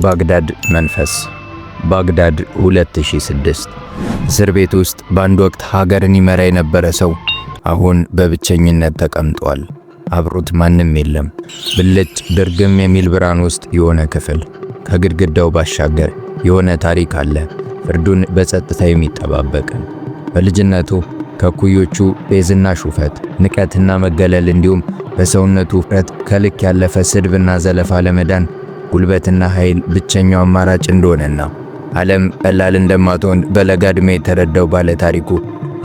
የባግዳድ መንፈስ ባግዳድ 2006 እስር ቤት ውስጥ በአንድ ወቅት ሀገርን ይመራ የነበረ ሰው አሁን በብቸኝነት ተቀምጧል። አብሮት ማንም የለም። ብልጭ ድርግም የሚል ብርሃን ውስጥ የሆነ ክፍል። ከግድግዳው ባሻገር የሆነ ታሪክ አለ፣ ፍርዱን በጸጥታ የሚጠባበቅ። በልጅነቱ ከኩዮቹ ቤዝና ሹፈት፣ ንቀትና መገለል እንዲሁም በሰውነቱ ውፍረት ከልክ ያለፈ ስድብና ዘለፋ ለመዳን ጉልበትና ኃይል ብቸኛው አማራጭ እንደሆነና ዓለም ቀላል እንደማትሆን በለጋ ዕድሜ የተረዳው ባለ ታሪኩ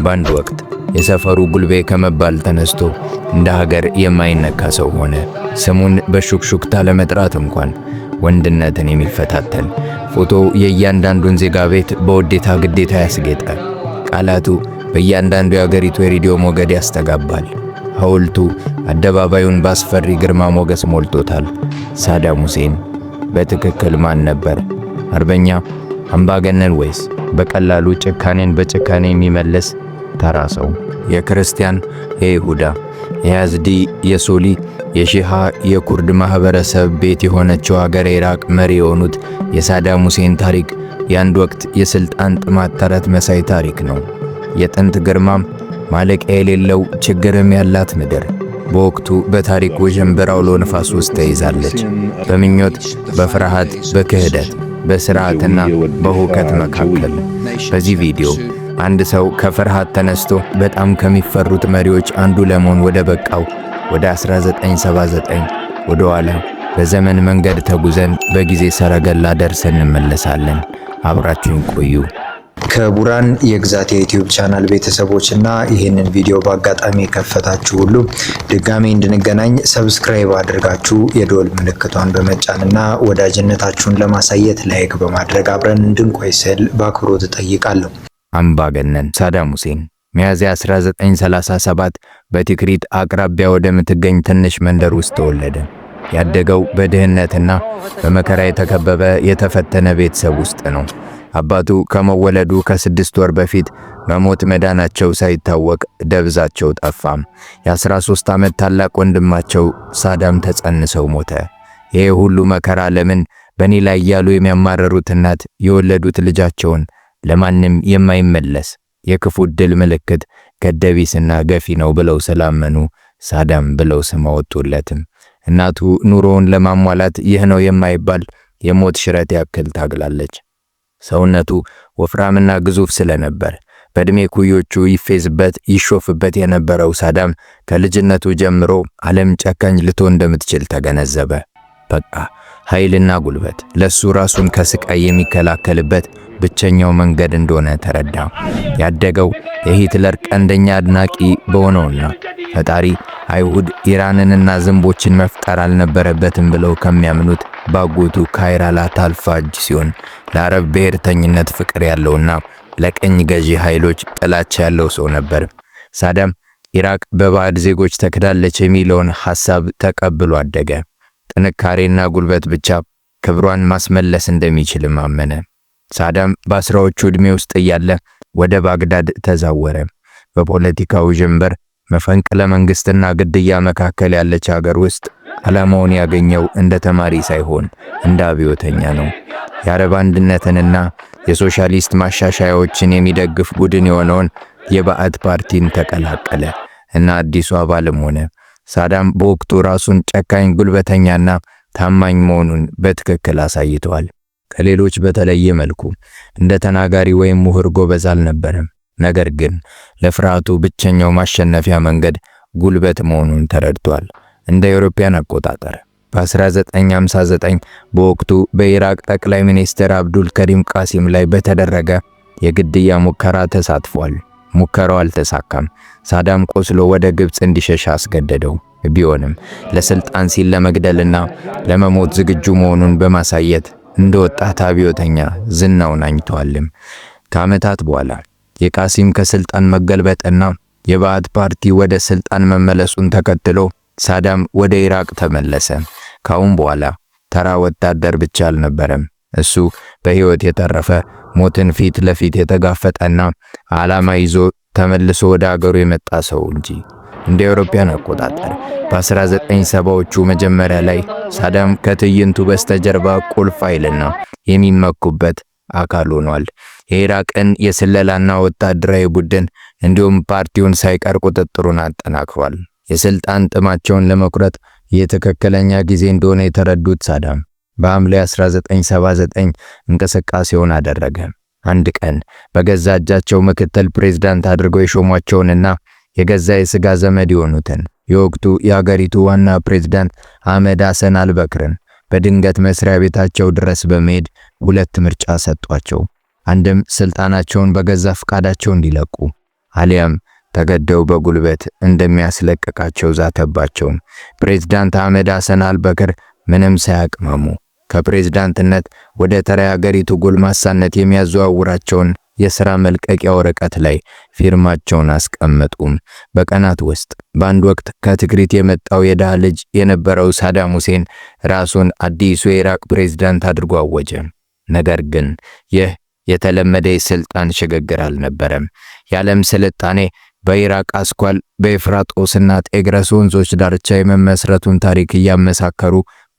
በአንድ ወቅት የሰፈሩ ጉልቤ ከመባል ተነስቶ እንደ ሀገር የማይነካ ሰው ሆነ። ስሙን በሹክሹክታ ለመጥራት እንኳን ወንድነትን የሚፈታተን ፎቶው የእያንዳንዱን ዜጋ ቤት በውዴታ ግዴታ ያስጌጠ፣ ቃላቱ በእያንዳንዱ የአገሪቱ የሬዲዮ ሞገድ ያስተጋባል። ሐውልቱ አደባባዩን በአስፈሪ ግርማ ሞገስ ሞልቶታል። ሳዳም ሁሴን በትክክል ማን ነበር? አርበኛ አምባገነን ወይስ በቀላሉ ጭካኔን በጭካኔ የሚመለስ ተራ ሰው? የክርስቲያን የይሁዳ፣ የያዝዲ፣ የሶሊ፣ የሺሃ፣ የኩርድ ማኅበረሰብ ቤት የሆነችው አገር ኢራቅ መሪ የሆኑት የሳዳም ሁሴን ታሪክ የአንድ ወቅት የሥልጣን ጥማት ተረት መሳይ ታሪክ ነው። የጥንት ግርማም ማለቂያ የሌለው ችግርም ያላት ምድር በወቅቱ በታሪክ ውዥንብር አውሎ ውስጥ ተይዛለች። በምኞት፣ በፍርሃት፣ በክህደት፣ በስርዓትና በሁከት መካከል በዚህ ቪዲዮ አንድ ሰው ከፍርሃት ተነስቶ በጣም ከሚፈሩት መሪዎች አንዱ ለመሆን ወደ በቃው ወደ 1979 ወደ ኋላ በዘመን መንገድ ተጉዘን በጊዜ ሰረገላ ደርሰን እንመለሳለን። አብራችሁን ቆዩ። ክቡራን የግዛት የዩቲዩብ ቻናል ቤተሰቦች እና ይህንን ቪዲዮ በአጋጣሚ የከፈታችሁ ሁሉ ድጋሚ እንድንገናኝ ሰብስክራይብ አድርጋችሁ የዶል ምልክቷን በመጫን እና ወዳጅነታችሁን ለማሳየት ላይክ በማድረግ አብረን እንድንቆይ ስል በአክብሮት እጠይቃለሁ። አምባገነን ሳዳም ሁሴን ሚያዝያ 1937 በቲክሪት አቅራቢያ ወደምትገኝ ትንሽ መንደር ውስጥ ተወለደ። ያደገው በድህነትና በመከራ የተከበበ የተፈተነ ቤተሰብ ውስጥ ነው። አባቱ ከመወለዱ ከስድስት ወር በፊት መሞት መዳናቸው ሳይታወቅ ደብዛቸው ጠፋም። የ13 ዓመት ታላቅ ወንድማቸው ሳዳም ተጸንሰው ሞተ። ይሄ ሁሉ መከራ ለምን በእኔ ላይ እያሉ የሚያማረሩት እናት የወለዱት ልጃቸውን ለማንም የማይመለስ የክፉ ድል ምልክት ገደቢስና ገፊ ነው ብለው ስላመኑ ሳዳም ብለው ስም አወጡለትም። እናቱ ኑሮውን ለማሟላት ይህ ነው የማይባል የሞት ሽረት ያክል ታግላለች። ሰውነቱ ወፍራምና ግዙፍ ስለነበር በእድሜ ኩዮቹ ይፌዝበት ይሾፍበት የነበረው ሳዳም ከልጅነቱ ጀምሮ ዓለም ጨካኝ ልቶ እንደምትችል ተገነዘበ። በቃ ኃይልና ጉልበት ለሱ ራሱን ከስቃይ የሚከላከልበት ብቸኛው መንገድ እንደሆነ ተረዳ። ያደገው የሂትለር ቀንደኛ አድናቂ በሆነውና ፈጣሪ አይሁድ ኢራንንና ዝንቦችን መፍጠር አልነበረበትም ብለው ከሚያምኑት ባጎቱ ካይራላ ታልፋጅ ሲሆን ለአረብ ብሔርተኝነት ፍቅር ያለውና ለቀኝ ገዢ ኃይሎች ጥላቻ ያለው ሰው ነበር። ሳዳም ኢራቅ በባዕድ ዜጎች ተክዳለች የሚለውን ሐሳብ ተቀብሎ አደገ። ጥንካሬና ጉልበት ብቻ ክብሯን ማስመለስ እንደሚችልም አመነ። ሳዳም በአስራዎቹ ዕድሜ ውስጥ እያለ ወደ ባግዳድ ተዛወረ። በፖለቲካው ዥንበር፣ መፈንቅለ መንግስትና ግድያ መካከል ያለች ሀገር ውስጥ ዓላማውን ያገኘው እንደ ተማሪ ሳይሆን እንደ አብዮተኛ ነው። የአረብ አንድነትንና የሶሻሊስት ማሻሻያዎችን የሚደግፍ ቡድን የሆነውን የባዕት ፓርቲን ተቀላቀለ እና አዲሱ አባልም ሆነ። ሳዳም በወቅቱ ራሱን ጨካኝ ጉልበተኛና ታማኝ መሆኑን በትክክል አሳይተዋል። ከሌሎች በተለየ መልኩ እንደ ተናጋሪ ወይም ምሁር ጎበዝ አልነበረም። ነገር ግን ለፍርሃቱ ብቸኛው ማሸነፊያ መንገድ ጉልበት መሆኑን ተረድቷል። እንደ አውሮፓውያን አቆጣጠር በ1959 በወቅቱ በኢራቅ ጠቅላይ ሚኒስትር አብዱል ከሪም ቃሲም ላይ በተደረገ የግድያ ሙከራ ተሳትፏል። ሙከራው አልተሳካም። ሳዳም ቆስሎ ወደ ግብፅ እንዲሸሽ አስገደደው። ቢሆንም ለስልጣን ሲል ለመግደልና ለመሞት ዝግጁ መሆኑን በማሳየት እንደ ወጣት አብዮተኛ ዝናውን አኝተዋልም። ከዓመታት በኋላ የቃሲም ከስልጣን መገልበጥና የባዓት ፓርቲ ወደ ስልጣን መመለሱን ተከትሎ ሳዳም ወደ ኢራቅ ተመለሰ። ካሁን በኋላ ተራ ወታደር ብቻ አልነበረም። እሱ በህይወት የተረፈ ሞትን ፊት ለፊት የተጋፈጠና ዓላማ ይዞ ተመልሶ ወደ አገሩ የመጣ ሰው እንጂ እንደ አውሮፓውያን አቆጣጠር በ1970ዎቹ መጀመሪያ ላይ ሳዳም ከትዕይንቱ በስተጀርባ ቁልፍ ኃይልና የሚመኩበት አካል ሆኗል። የኢራቅን የስለላና ወታደራዊ ቡድን እንዲሁም ፓርቲውን ሳይቀር ቁጥጥሩን አጠናክሯል። የስልጣን ጥማቸውን ለመቁረጥ የትክክለኛ ጊዜ እንደሆነ የተረዱት ሳዳም በሐምሌ 1979 እንቅስቃሴውን አደረገ። አንድ ቀን በገዛ እጃቸው ምክትል ፕሬዝዳንት አድርገው የሾሟቸውንና የገዛ የሥጋ ዘመድ የሆኑትን የወቅቱ የአገሪቱ ዋና ፕሬዝዳንት አህመድ ሐሰን አልበክርን በድንገት መስሪያ ቤታቸው ድረስ በመሄድ ሁለት ምርጫ ሰጧቸው። አንድም ስልጣናቸውን በገዛ ፈቃዳቸው እንዲለቁ አሊያም ተገደው በጉልበት እንደሚያስለቅቃቸው ዛተባቸው። ፕሬዝዳንት አህመድ ሐሰን አልበክር ምንም ሳያቅመሙ ከፕሬዝዳንትነት ወደ ተራ አገሪቱ ጎልማሳነት የሚያዘዋውራቸውን የሥራ መልቀቂያ ወረቀት ላይ ፊርማቸውን አስቀመጡም። በቀናት ውስጥ በአንድ ወቅት ከትግሪት የመጣው የድሃ ልጅ የነበረው ሳዳም ሁሴን ራሱን አዲሱ የኢራቅ ፕሬዝዳንት አድርጎ አወጀ። ነገር ግን ይህ የተለመደ የሥልጣን ሽግግር አልነበረም። የዓለም ስልጣኔ በኢራቅ አስኳል በኤፍራጦስና ጤግረስ ወንዞች ዳርቻ የመመስረቱን ታሪክ እያመሳከሩ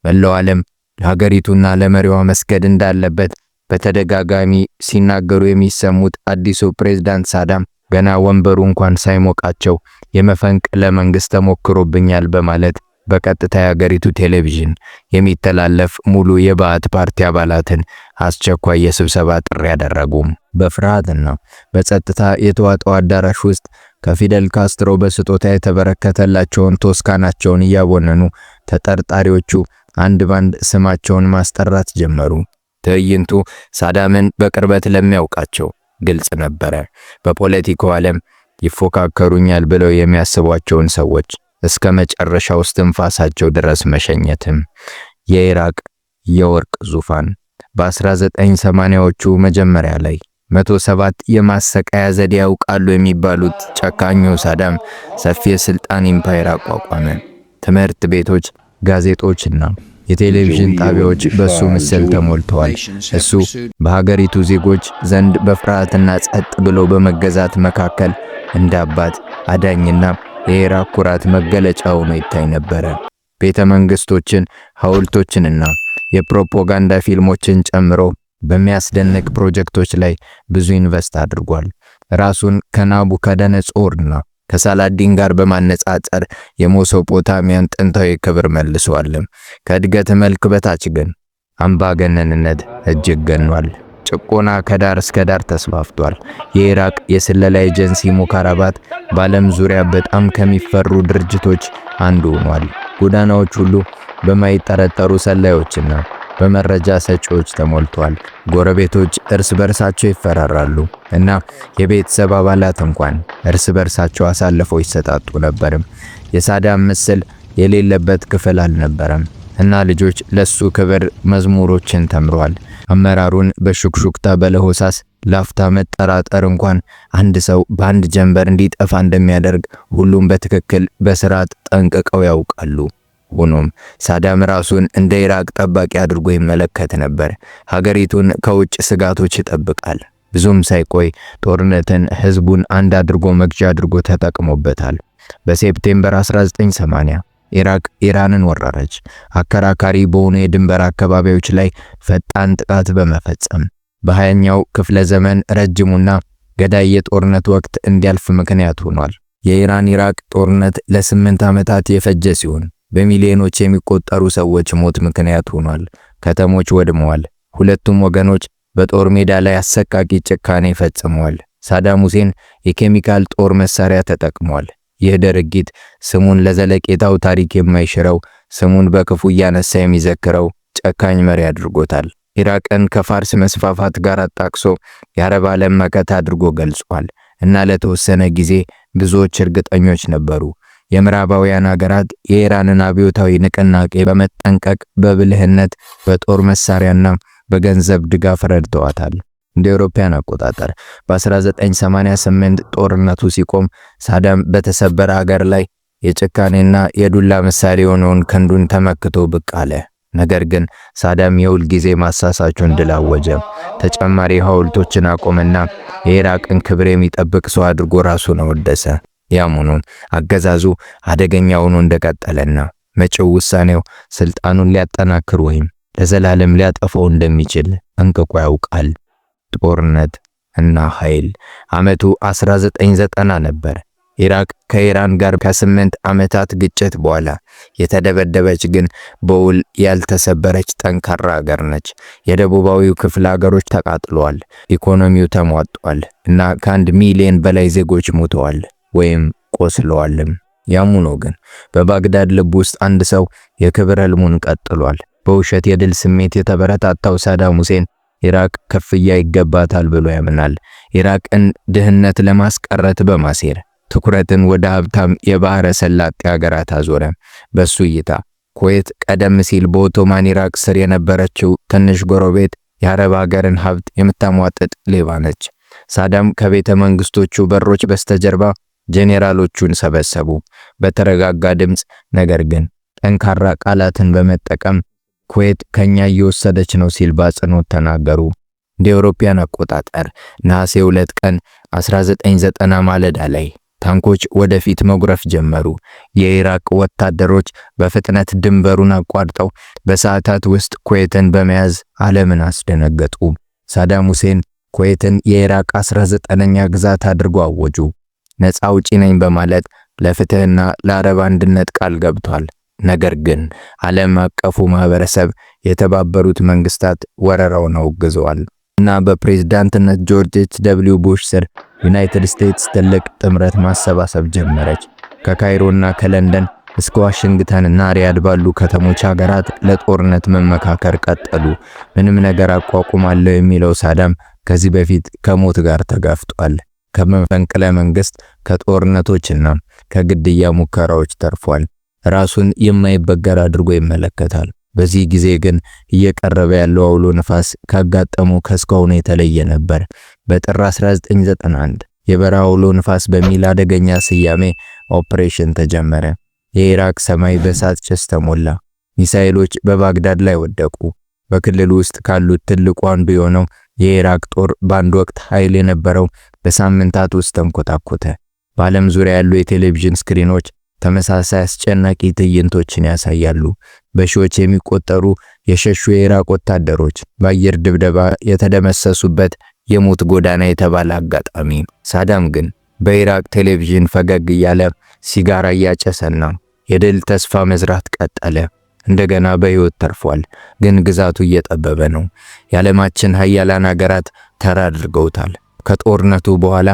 መላው ዓለም ለሀገሪቱና ለመሪዋ መስገድ እንዳለበት በተደጋጋሚ ሲናገሩ የሚሰሙት አዲሱ ፕሬዝዳንት ሳዳም ገና ወንበሩ እንኳን ሳይሞቃቸው የመፈንቅለ መንግስት ተሞክሮብኛል በማለት በቀጥታ የአገሪቱ ቴሌቪዥን የሚተላለፍ ሙሉ የባዕት ፓርቲ አባላትን አስቸኳይ የስብሰባ ጥሪ ያደረጉም። በፍርሃትና በጸጥታ የተዋጠው አዳራሽ ውስጥ ከፊደል ካስትሮ በስጦታ የተበረከተላቸውን ቶስካናቸውን እያቦነኑ ተጠርጣሪዎቹ አንድ ባንድ ስማቸውን ማስጠራት ጀመሩ። ትዕይንቱ ሳዳምን በቅርበት ለሚያውቃቸው ግልጽ ነበረ። በፖለቲካው ዓለም ይፎካከሩኛል ብለው የሚያስቧቸውን ሰዎች እስከ መጨረሻው እስትንፋሳቸው ድረስ መሸኘትም። የኢራቅ የወርቅ ዙፋን በ1980ዎቹ መጀመሪያ ላይ 107 የማሰቃያ ዘዴ ያውቃሉ የሚባሉት ጨካኙ ሳዳም ሰፊ የስልጣን ኢምፓየር አቋቋመ። ትምህርት ቤቶች፣ ጋዜጦችና የቴሌቪዥን ጣቢያዎች በሱ ምስል ተሞልተዋል። እሱ በሀገሪቱ ዜጎች ዘንድ በፍርሃትና ጸጥ ብሎ በመገዛት መካከል እንደ አባት አዳኝና የኢራቅ ኩራት መገለጫ ሆኖ ይታይ ነበረ። ቤተ መንግሥቶችን ሐውልቶችንና የፕሮፓጋንዳ ፊልሞችን ጨምሮ በሚያስደንቅ ፕሮጀክቶች ላይ ብዙ ኢንቨስት አድርጓል። ራሱን ከናቡከደነጾርና ከሳላዲን ጋር በማነጻጸር የሜሶጶታሚያን ጥንታዊ ክብር መልሷል። ከእድገት መልክ በታች ግን አምባገነንነት እጅግ ገኗል። ጭቆና ከዳር እስከ ዳር ተስፋፍቷል። የኢራቅ የስለላ ኤጀንሲ ሙካራባት በዓለም ዙሪያ በጣም ከሚፈሩ ድርጅቶች አንዱ ሆኗል። ጎዳናዎች ሁሉ በማይጠረጠሩ ሰላዮችና በመረጃ ሰጪዎች ተሞልቷል። ጎረቤቶች እርስ በርሳቸው ይፈራራሉ እና የቤተሰብ አባላት እንኳን እርስ በርሳቸው አሳልፈው ይሰጣጡ ነበርም። የሳዳም ምስል የሌለበት ክፍል አልነበረም እና ልጆች ለሱ ክብር መዝሙሮችን ተምረዋል። አመራሩን በሹክሹክታ በለሆሳስ ላፍታ መጠራጠር እንኳን አንድ ሰው በአንድ ጀንበር እንዲጠፋ እንደሚያደርግ ሁሉም በትክክል በስርዓት ጠንቅቀው ያውቃሉ። ሆኖም ሳዳም ራሱን እንደ ኢራቅ ጠባቂ አድርጎ ይመለከት ነበር። ሀገሪቱን ከውጭ ስጋቶች ይጠብቃል። ብዙም ሳይቆይ ጦርነትን ህዝቡን አንድ አድርጎ መግዣ አድርጎ ተጠቅሞበታል። በሴፕቴምበር 1980 ኢራቅ ኢራንን ወረረች። አከራካሪ በሆኑ የድንበር አካባቢዎች ላይ ፈጣን ጥቃት በመፈጸም በሃያኛው ክፍለ ዘመን ረጅሙና ገዳይ የጦርነት ወቅት እንዲያልፍ ምክንያት ሆኗል። የኢራን ኢራቅ ጦርነት ለስምንት ዓመታት የፈጀ ሲሆን በሚሊዮኖች የሚቆጠሩ ሰዎች ሞት ምክንያት ሆኗል። ከተሞች ወድመዋል። ሁለቱም ወገኖች በጦር ሜዳ ላይ አሰቃቂ ጭካኔ ፈጽመዋል። ሳዳም ሁሴን የኬሚካል ጦር መሳሪያ ተጠቅሟል። ይህ ድርጊት ስሙን ለዘለቄታው ታሪክ የማይሽረው ስሙን በክፉ እያነሳ የሚዘክረው ጨካኝ መሪ አድርጎታል። ኢራቅን ከፋርስ መስፋፋት ጋር አጣቅሶ የአረብ ዓለም መከታ አድርጎ ገልጿል እና ለተወሰነ ጊዜ ብዙዎች እርግጠኞች ነበሩ። የምዕራባውያን ሀገራት የኢራንን አብዮታዊ ንቅናቄ በመጠንቀቅ በብልህነት በጦር መሳሪያና በገንዘብ ድጋፍ ረድተዋታል። እንደ አውሮፓውያን አቆጣጠር በ1988 ጦርነቱ ሲቆም ሳዳም በተሰበረ ሀገር ላይ የጭካኔና የዱላ ምሳሌ የሆነውን ክንዱን ተመክቶ ብቅ አለ። ነገር ግን ሳዳም የሁል ጊዜ ማሳሳቹን ድል አወጀ። ተጨማሪ ሐውልቶችን አቆመና የኢራቅን ክብር የሚጠብቅ ሰው አድርጎ ራሱን አወደሰ። ያም አገዛዙ አደገኛ ሆኖ እንደቀጠለና መጪው ውሳኔው ስልጣኑን ሊያጠናክር ወይም ለዘላለም ሊያጠፋው እንደሚችል ጠንቅቆ ያውቃል። ጦርነት እና ኃይል። ዓመቱ 1990 ነበር። ኢራቅ ከኢራን ጋር ከስምንት ዓመታት ግጭት በኋላ የተደበደበች ግን በውል ያልተሰበረች ጠንካራ ሀገር ነች። የደቡባዊው ክፍለ ሀገሮች ተቃጥለዋል፣ ኢኮኖሚው ተሟጧል እና ከአንድ ሚሊዮን በላይ ዜጎች ሙተዋል። ወይም ቆስለዋልም። ያም ሆኖ ግን በባግዳድ ልብ ውስጥ አንድ ሰው የክብር ህልሙን ቀጥሏል። በውሸት የድል ስሜት የተበረታታው ሳዳም ሁሴን ኢራቅ ከፍያ ይገባታል ብሎ ያምናል። ኢራቅን ድህነት ለማስቀረት በማሴር ትኩረትን ወደ ሀብታም የባህረ ሰላጤ ሀገራት አዞረ። በሱ እይታ ኩዌት ቀደም ሲል በኦቶማን ኢራቅ ስር የነበረችው ትንሽ ጎረቤት የአረብ ሀገርን ሀብት የምታሟጥጥ ሌባ ነች። ሳዳም ከቤተ መንግስቶቹ በሮች በስተጀርባ ጄኔራሎቹን ሰበሰቡ። በተረጋጋ ድምፅ ነገር ግን ጠንካራ ቃላትን በመጠቀም ኩዌት ከኛ እየወሰደች ነው ሲል በአጽንኦት ተናገሩ። እንደ አውሮፓውያን አቆጣጠር ነሐሴ 2 ቀን 1990 ማለዳ ላይ ታንኮች ወደፊት መጉረፍ ጀመሩ። የኢራቅ ወታደሮች በፍጥነት ድንበሩን አቋርጠው በሰዓታት ውስጥ ኩዌትን በመያዝ ዓለምን አስደነገጡ። ሳዳም ሁሴን ኩዌትን የኢራቅ 19ኛ ግዛት አድርጎ አወጁ። ነፃ አውጪ ነኝ በማለት ለፍትህና ለአረብ አንድነት ቃል ገብቷል። ነገር ግን ዓለም አቀፉ ማህበረሰብ የተባበሩት መንግስታት ወረራውን አውግዘዋል እና በፕሬዝዳንትነት ጆርጅ ኤች ደብሊው ቡሽ ስር ዩናይትድ ስቴትስ ትልቅ ጥምረት ማሰባሰብ ጀመረች። ከካይሮና ከለንደን እስከ ዋሽንግተንና ሪያድ ባሉ ከተሞች ሀገራት ለጦርነት መመካከር ቀጠሉ። ምንም ነገር አቋቁማለሁ የሚለው ሳዳም ከዚህ በፊት ከሞት ጋር ተጋፍጧል። ከመፈንቅለ መንግስት ከጦርነቶችና ከግድያ ሙከራዎች ተርፏል። ራሱን የማይበገር አድርጎ ይመለከታል። በዚህ ጊዜ ግን እየቀረበ ያለው አውሎ ንፋስ ካጋጠሙ ከእስካሁኑ የተለየ ነበር። በጥር 1991 የበረሃ አውሎ ንፋስ በሚል አደገኛ ስያሜ ኦፕሬሽን ተጀመረ። የኢራቅ ሰማይ በእሳት ጭስ ተሞላ። ሚሳኤሎች በባግዳድ ላይ ወደቁ። በክልሉ ውስጥ ካሉት ትልቁ አንዱ የሆነው የኢራቅ ጦር በአንድ ወቅት ኃይል የነበረው በሳምንታት ውስጥ ተንኮታኮተ። በዓለም ዙሪያ ያሉ የቴሌቪዥን ስክሪኖች ተመሳሳይ አስጨናቂ ትዕይንቶችን ያሳያሉ። በሺዎች የሚቆጠሩ የሸሹ የኢራቅ ወታደሮች በአየር ድብደባ የተደመሰሱበት የሞት ጎዳና የተባለ አጋጣሚ። ሳዳም ግን በኢራቅ ቴሌቪዥን ፈገግ እያለ ሲጋራ እያጨሰና የድል ተስፋ መዝራት ቀጠለ። እንደገና በህይወት ተርፏል። ግን ግዛቱ እየጠበበ ነው። የዓለማችን ሀያላን አገራት ተራ አድርገውታል። ከጦርነቱ በኋላ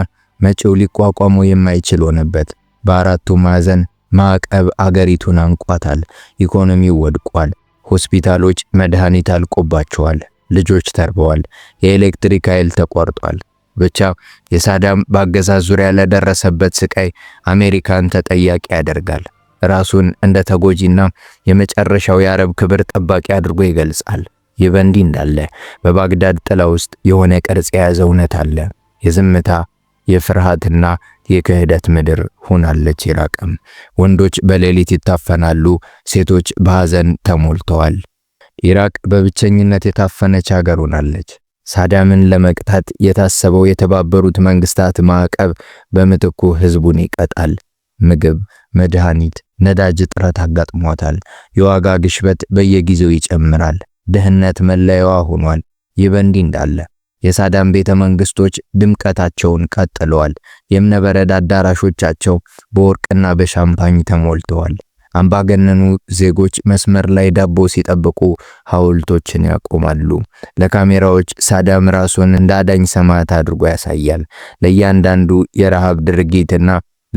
መጪው ሊቋቋመው የማይችል ሆነበት። በአራቱ ማዕዘን ማዕቀብ አገሪቱን አንቋታል። ኢኮኖሚው ወድቋል። ሆስፒታሎች መድኃኒት አልቆባቸዋል። ልጆች ተርበዋል። የኤሌክትሪክ ኃይል ተቋርጧል። ብቻ የሳዳም በአገዛዝ ዙሪያ ለደረሰበት ስቃይ አሜሪካን ተጠያቂ ያደርጋል። ራሱን እንደ ተጎጂና የመጨረሻው የአረብ ክብር ጠባቂ አድርጎ ይገልጻል። ይህ በእንዲህ እንዳለ በባግዳድ ጥላ ውስጥ የሆነ ቅርጽ የያዘ እውነት አለ። የዝምታ የፍርሃትና የክህደት ምድር ሆናለች ኢራቅም። ወንዶች በሌሊት ይታፈናሉ፣ ሴቶች በሐዘን ተሞልተዋል። ኢራቅ በብቸኝነት የታፈነች ሀገር ሆናለች። ሳዳምን ለመቅጣት የታሰበው የተባበሩት መንግስታት ማዕቀብ በምትኩ ህዝቡን ይቀጣል። ምግብ መድኃኒት፣ ነዳጅ እጥረት አጋጥሟታል። የዋጋ ግሽበት በየጊዜው ይጨምራል። ድህነት መለያዋ ሆኗል። ይህ በእንዲህ እንዳለ የሳዳም ቤተ መንግስቶች ድምቀታቸውን ቀጥለዋል። የእብነበረድ አዳራሾቻቸው በወርቅና በሻምፓኝ ተሞልተዋል። አምባገነኑ ዜጎች መስመር ላይ ዳቦ ሲጠብቁ ሐውልቶችን ያቆማሉ። ለካሜራዎች ሳዳም ራሱን እንደ አዳኝ ሰማዕት አድርጎ ያሳያል። ለእያንዳንዱ የረሃብ ድርጊትና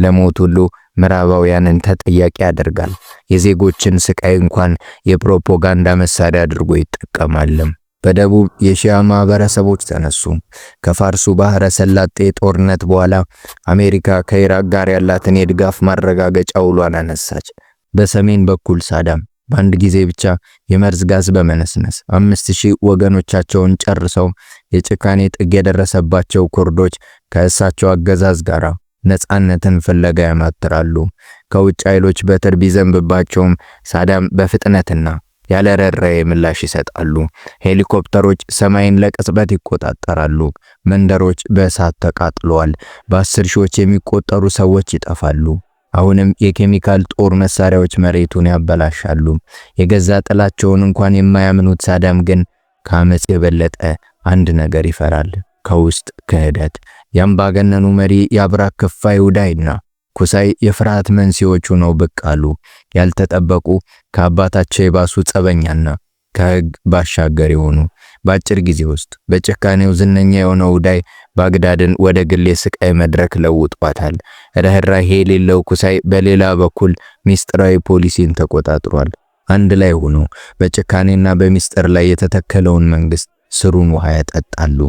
ለሞት ሁሉ ምዕራባውያንን ተጠያቂ ያደርጋል። የዜጎችን ስቃይ እንኳን የፕሮፓጋንዳ መሳሪያ አድርጎ ይጠቀማልም። በደቡብ የሺያ ማህበረሰቦች ተነሱ። ከፋርሱ ባህረ ሰላጤ ጦርነት በኋላ አሜሪካ ከኢራቅ ጋር ያላትን የድጋፍ ማረጋገጫ ውሏን አነሳች። በሰሜን በኩል ሳዳም በአንድ ጊዜ ብቻ የመርዝ ጋዝ በመነስነስ አምስት ሺህ ወገኖቻቸውን ጨርሰው የጭካኔ ጥግ የደረሰባቸው ኩርዶች ከእሳቸው አገዛዝ ጋር ነፃነትን ፍለጋ ያማትራሉ። ከውጭ ኃይሎች በትር ቢዘንብባቸውም ሳዳም በፍጥነትና ያለ ምላሽ ይሰጣሉ። ሄሊኮፕተሮች ሰማይን ለቅጽበት ይቆጣጠራሉ። መንደሮች በእሳት ተቃጥለዋል። በአስር ሺዎች የሚቆጠሩ ሰዎች ይጠፋሉ። አሁንም የኬሚካል ጦር መሳሪያዎች መሬቱን ያበላሻሉ። የገዛ ጥላቸውን እንኳን የማያምኑት ሳዳም ግን ከአመፅ የበለጠ አንድ ነገር ይፈራል። ከውስጥ ክህደት። የአምባገነኑ መሪ የአብራክ ክፋይ ውዳይና ኩሳይ የፍርሃት መንስኤዎቹ ነው ብቅ አሉ። ያልተጠበቁ ከአባታቸው የባሱ ጸበኛና ከህግ ባሻገር የሆኑ በአጭር ጊዜ ውስጥ በጭካኔው ዝነኛ የሆነው ውዳይ ባግዳድን ወደ ግሌ ስቃይ መድረክ ለውጧታል። ርኅራኄ የሌለው ኩሳይ በሌላ በኩል ሚስጥራዊ ፖሊሲን ተቆጣጥሯል። አንድ ላይ ሆኖ በጭካኔና በሚስጥር ላይ የተተከለውን መንግስት ስሩን ውሃ ያጠጣሉ።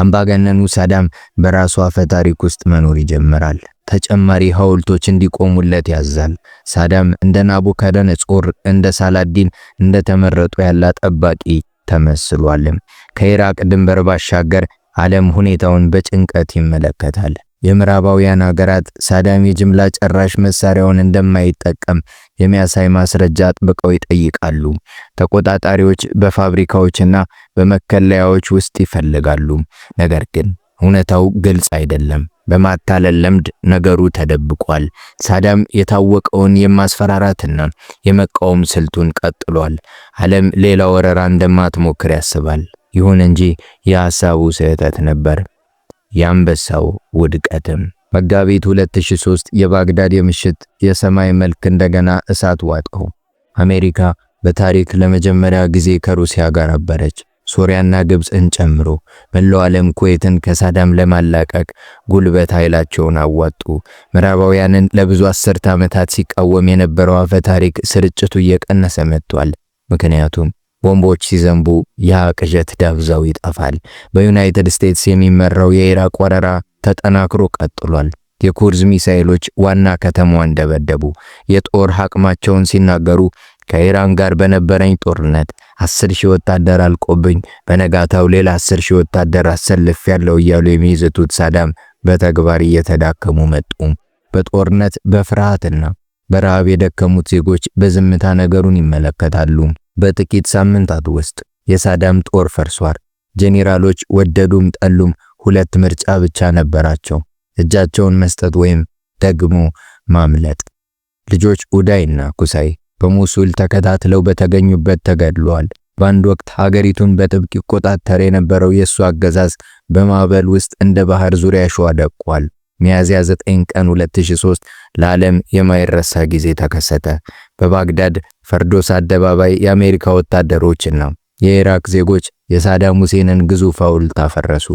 አምባገነኑ ሳዳም በራሱ አፈ ታሪክ ውስጥ መኖር ይጀምራል። ተጨማሪ ሐውልቶች እንዲቆሙለት ያዛል። ሳዳም እንደ ናቡከደነጾር፣ እንደ ሳላዲን፣ እንደ ተመረጡ ያላ ጠባቂ ተመስሏል ከኢራቅ ድንበር ባሻገር ዓለም ሁኔታውን በጭንቀት ይመለከታል። የምዕራባውያን ሀገራት ሳዳም የጅምላ ጨራሽ መሳሪያውን እንደማይጠቀም የሚያሳይ ማስረጃ አጥብቀው ይጠይቃሉ። ተቆጣጣሪዎች በፋብሪካዎችና በመከለያዎች ውስጥ ይፈልጋሉ። ነገር ግን እውነታው ግልጽ አይደለም። በማታለል ለምድ ነገሩ ተደብቋል። ሳዳም የታወቀውን የማስፈራራትና የመቃወም ስልቱን ቀጥሏል። ዓለም ሌላ ወረራ እንደማትሞክር ያስባል። ይሁን እንጂ የሐሳቡ ስህተት ነበር። የአንበሳው ውድቀትም መጋቢት 2003 የባግዳድ የምሽት የሰማይ መልክ እንደገና እሳት ዋጠው። አሜሪካ በታሪክ ለመጀመሪያ ጊዜ ከሩሲያ ጋር አበረች። ሶሪያና ግብፅን ጨምሮ መላው ዓለም ኩዌትን ከሳዳም ለማላቀቅ ጉልበት ኃይላቸውን አዋጡ። ምዕራባውያንን ለብዙ አስርተ ዓመታት ሲቃወም የነበረው አፈ ታሪክ ስርጭቱ እየቀነሰ መጥቷል። ምክንያቱም ቦምቦች ሲዘንቡ ያ ቅዠት ዳብዛው ይጠፋል። በዩናይትድ ስቴትስ የሚመራው የኢራቅ ወረራ ተጠናክሮ ቀጥሏል። የኩርዝ ሚሳኤሎች ዋና ከተማዋን ደበደቡ። የጦር አቅማቸውን ሲናገሩ ከኢራን ጋር በነበረኝ ጦርነት አስር ሺህ ወታደር አልቆብኝ፣ በነጋታው ሌላ አስር ሺህ ወታደር አሰልፍ ያለው እያሉ የሚዘቱት ሳዳም በተግባር እየተዳከሙ መጡ። በጦርነት በፍርሃትና በረሃብ የደከሙት ዜጎች በዝምታ ነገሩን ይመለከታሉ። በጥቂት ሳምንታት ውስጥ የሳዳም ጦር ፈርሷል። ጄኔራሎች ወደዱም ጠሉም ሁለት ምርጫ ብቻ ነበራቸው፣ እጃቸውን መስጠት ወይም ደግሞ ማምለጥ። ልጆች ኡዳይና ኩሳይ በሞሱል ተከታትለው በተገኙበት ተገድለዋል። በአንድ ወቅት ሀገሪቱን በጥብቅ ይቆጣጠር የነበረው የእሱ አገዛዝ በማዕበል ውስጥ እንደ ባህር ዙሪያ ሸዋ ደቋል። ሚያዝያ 9 ቀን 2003 ለዓለም የማይረሳ ጊዜ ተከሰተ። በባግዳድ ፈርዶስ አደባባይ የአሜሪካ ወታደሮችን ነው። የኢራቅ ዜጎች የሳዳም ሁሴንን ግዙፍ ሐውልት አፈረሱ።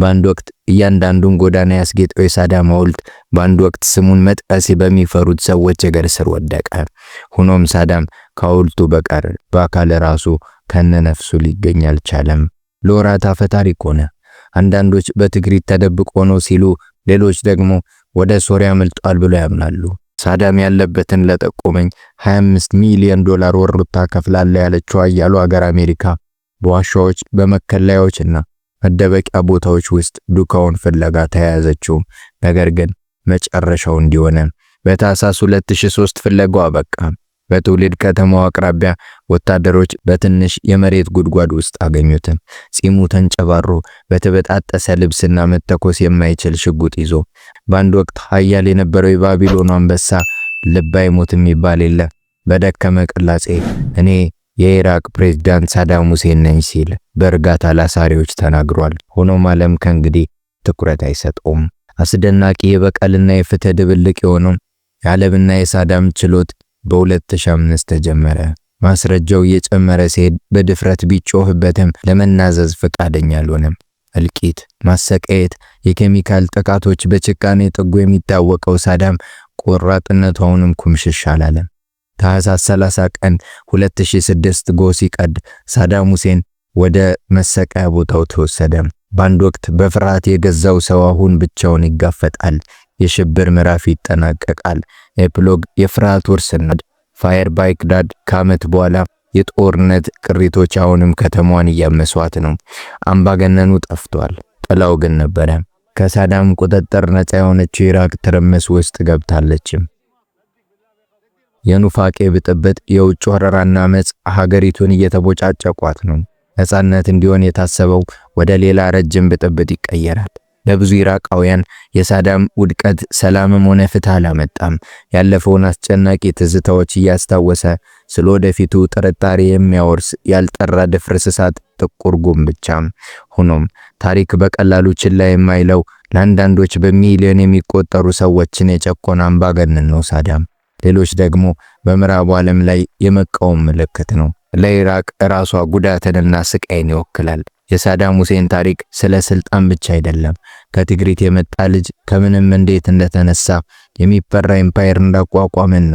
በአንድ ወቅት እያንዳንዱን ጎዳና ያስጌጠው የሳዳም ሐውልት በአንድ ወቅት ስሙን መጥቀስ በሚፈሩት ሰዎች እግር ስር ወደቀ። ሆኖም ሳዳም ከሐውልቱ በቀር በአካል ራሱ ከነነፍሱ ሊገኝ አልቻለም። ለወራት አፈ ታሪክ ሆነ። አንዳንዶች በትግሪት ተደብቆ ነው ሲሉ፣ ሌሎች ደግሞ ወደ ሶሪያ መልጧል ብሎ ያምናሉ። ሳዳም ያለበትን ለጠቆመኝ 25 ሚሊዮን ዶላር ወሮታ ከፍላለ ያለችው አያሉ አገር አሜሪካ በዋሻዎች በመከለያዎችና መደበቂያ ቦታዎች ውስጥ ዱካውን ፍለጋ ተያያዘችው። ነገር ግን መጨረሻው እንዲሆነ በታህሳስ 2003 ፍለጋው አበቃ። በትውልድ ከተማው አቅራቢያ ወታደሮች በትንሽ የመሬት ጉድጓድ ውስጥ አገኙት። ጺሙ ተንጨባሮ በተበጣጠሰ ልብስና መተኮስ የማይችል ሽጉጥ ይዞ በአንድ ወቅት ኃያል የነበረው የባቢሎኑ አንበሳ ልብ አይሞት የሚባል የለ በደከመ ቅላጼ እኔ የኢራቅ ፕሬዝዳንት ሳዳም ሁሴን ነኝ ሲል በእርጋታ ላሳሪዎች ተናግሯል። ሆኖም ዓለም ከእንግዲህ ትኩረት አይሰጠውም። አስደናቂ የበቀልና የፍትህ ድብልቅ የሆነው የዓለምና የሳዳም ችሎት በ2005 ተጀመረ። ማስረጃው እየጨመረ ሲሄድ በድፍረት ቢጮህበትም ለመናዘዝ ፈቃደኛ አልሆነም። እልቂት፣ ማሰቃየት፣ የኬሚካል ጥቃቶች በጭካኔ ጥጉ የሚታወቀው ሳዳም ቆራጥነቱ አሁንም ኩምሽሽ አላለም። ታህሳስ 30 ቀን 2006 ጎህ ሲቀድ ሳዳም ሁሴን ወደ መሰቀያ ቦታው ተወሰደ። በአንድ ወቅት በፍርሃት የገዛው ሰው አሁን ብቻውን ይጋፈጣል። የሽብር ምዕራፍ ይጠናቀቃል። ኤፕሎግ የፍርሃት ወር ፋየር ፋየር ዳድ ከዓመት በኋላ የጦርነት ቅሪቶች አሁንም ከተማዋን እያመሷት ነው። አምባገነኑ ጠፍቷል፣ ጥላው ግን ነበረ። ከሳዳም ቁጥጥር ነፃ የሆነችው ኢራቅ ትርምስ ውስጥ ገብታለችም። የኑፋቄ ብጥብጥ፣ የውጭ ወረራና መጽ ሀገሪቱን እየተቦጫጨቋት ነው። ነፃነት እንዲሆን የታሰበው ወደ ሌላ ረጅም ብጥብጥ ይቀየራል። ለብዙ ኢራቃውያን የሳዳም ውድቀት ሰላምም ሆነ ፍትህ አላመጣም። ያለፈውን አስጨናቂ ትዝታዎች እያስታወሰ ስለ ወደፊቱ ጥርጣሬ የሚያወርስ ያልጠራ ድፍርስ እሳት ጥቁር ጉም ብቻ። ሆኖም ታሪክ በቀላሉ ችላ የማይለው ለአንዳንዶች በሚሊዮን የሚቆጠሩ ሰዎችን የጨቆነ አምባገነን ነው ሳዳም። ሌሎች ደግሞ በምዕራቡ ዓለም ላይ የመቃወም ምልክት ነው። ለኢራቅ ራሷ ጉዳትንና ስቃይን ይወክላል። የሳዳም ሁሴን ታሪክ ስለ ስልጣን ብቻ አይደለም። ከትግሪት የመጣ ልጅ ከምንም እንዴት እንደተነሳ የሚፈራ ኤምፓየር እንዳቋቋመና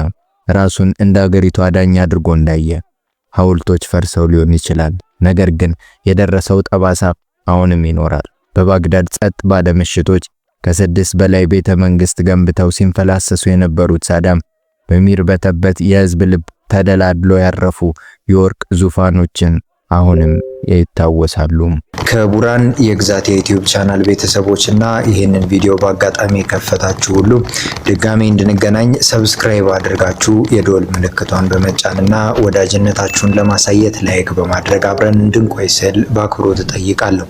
ራሱን እንደ አገሪቱ አዳኝ አድርጎ እንዳየ። ሐውልቶች ፈርሰው ሊሆን ይችላል፣ ነገር ግን የደረሰው ጠባሳ አሁንም ይኖራል። በባግዳድ ጸጥ ባለ ምሽቶች ከስድስት በላይ ቤተ መንግስት ገንብተው ሲንፈላሰሱ የነበሩት ሳዳም በሚርበተበት የህዝብ ልብ ተደላድሎ ያረፉ የወርቅ ዙፋኖችን አሁንም ይታወሳሉ። ክቡራን የግዛት የዩቲዩብ ቻናል ቤተሰቦች እና ይህንን ቪዲዮ በአጋጣሚ የከፈታችሁ ሁሉ ድጋሜ እንድንገናኝ ሰብስክራይብ አድርጋችሁ የዶል ምልክቷን በመጫን እና ወዳጅነታችሁን ለማሳየት ላይክ በማድረግ አብረን እንድንቆይ ስል በአክብሮት እጠይቃለሁ።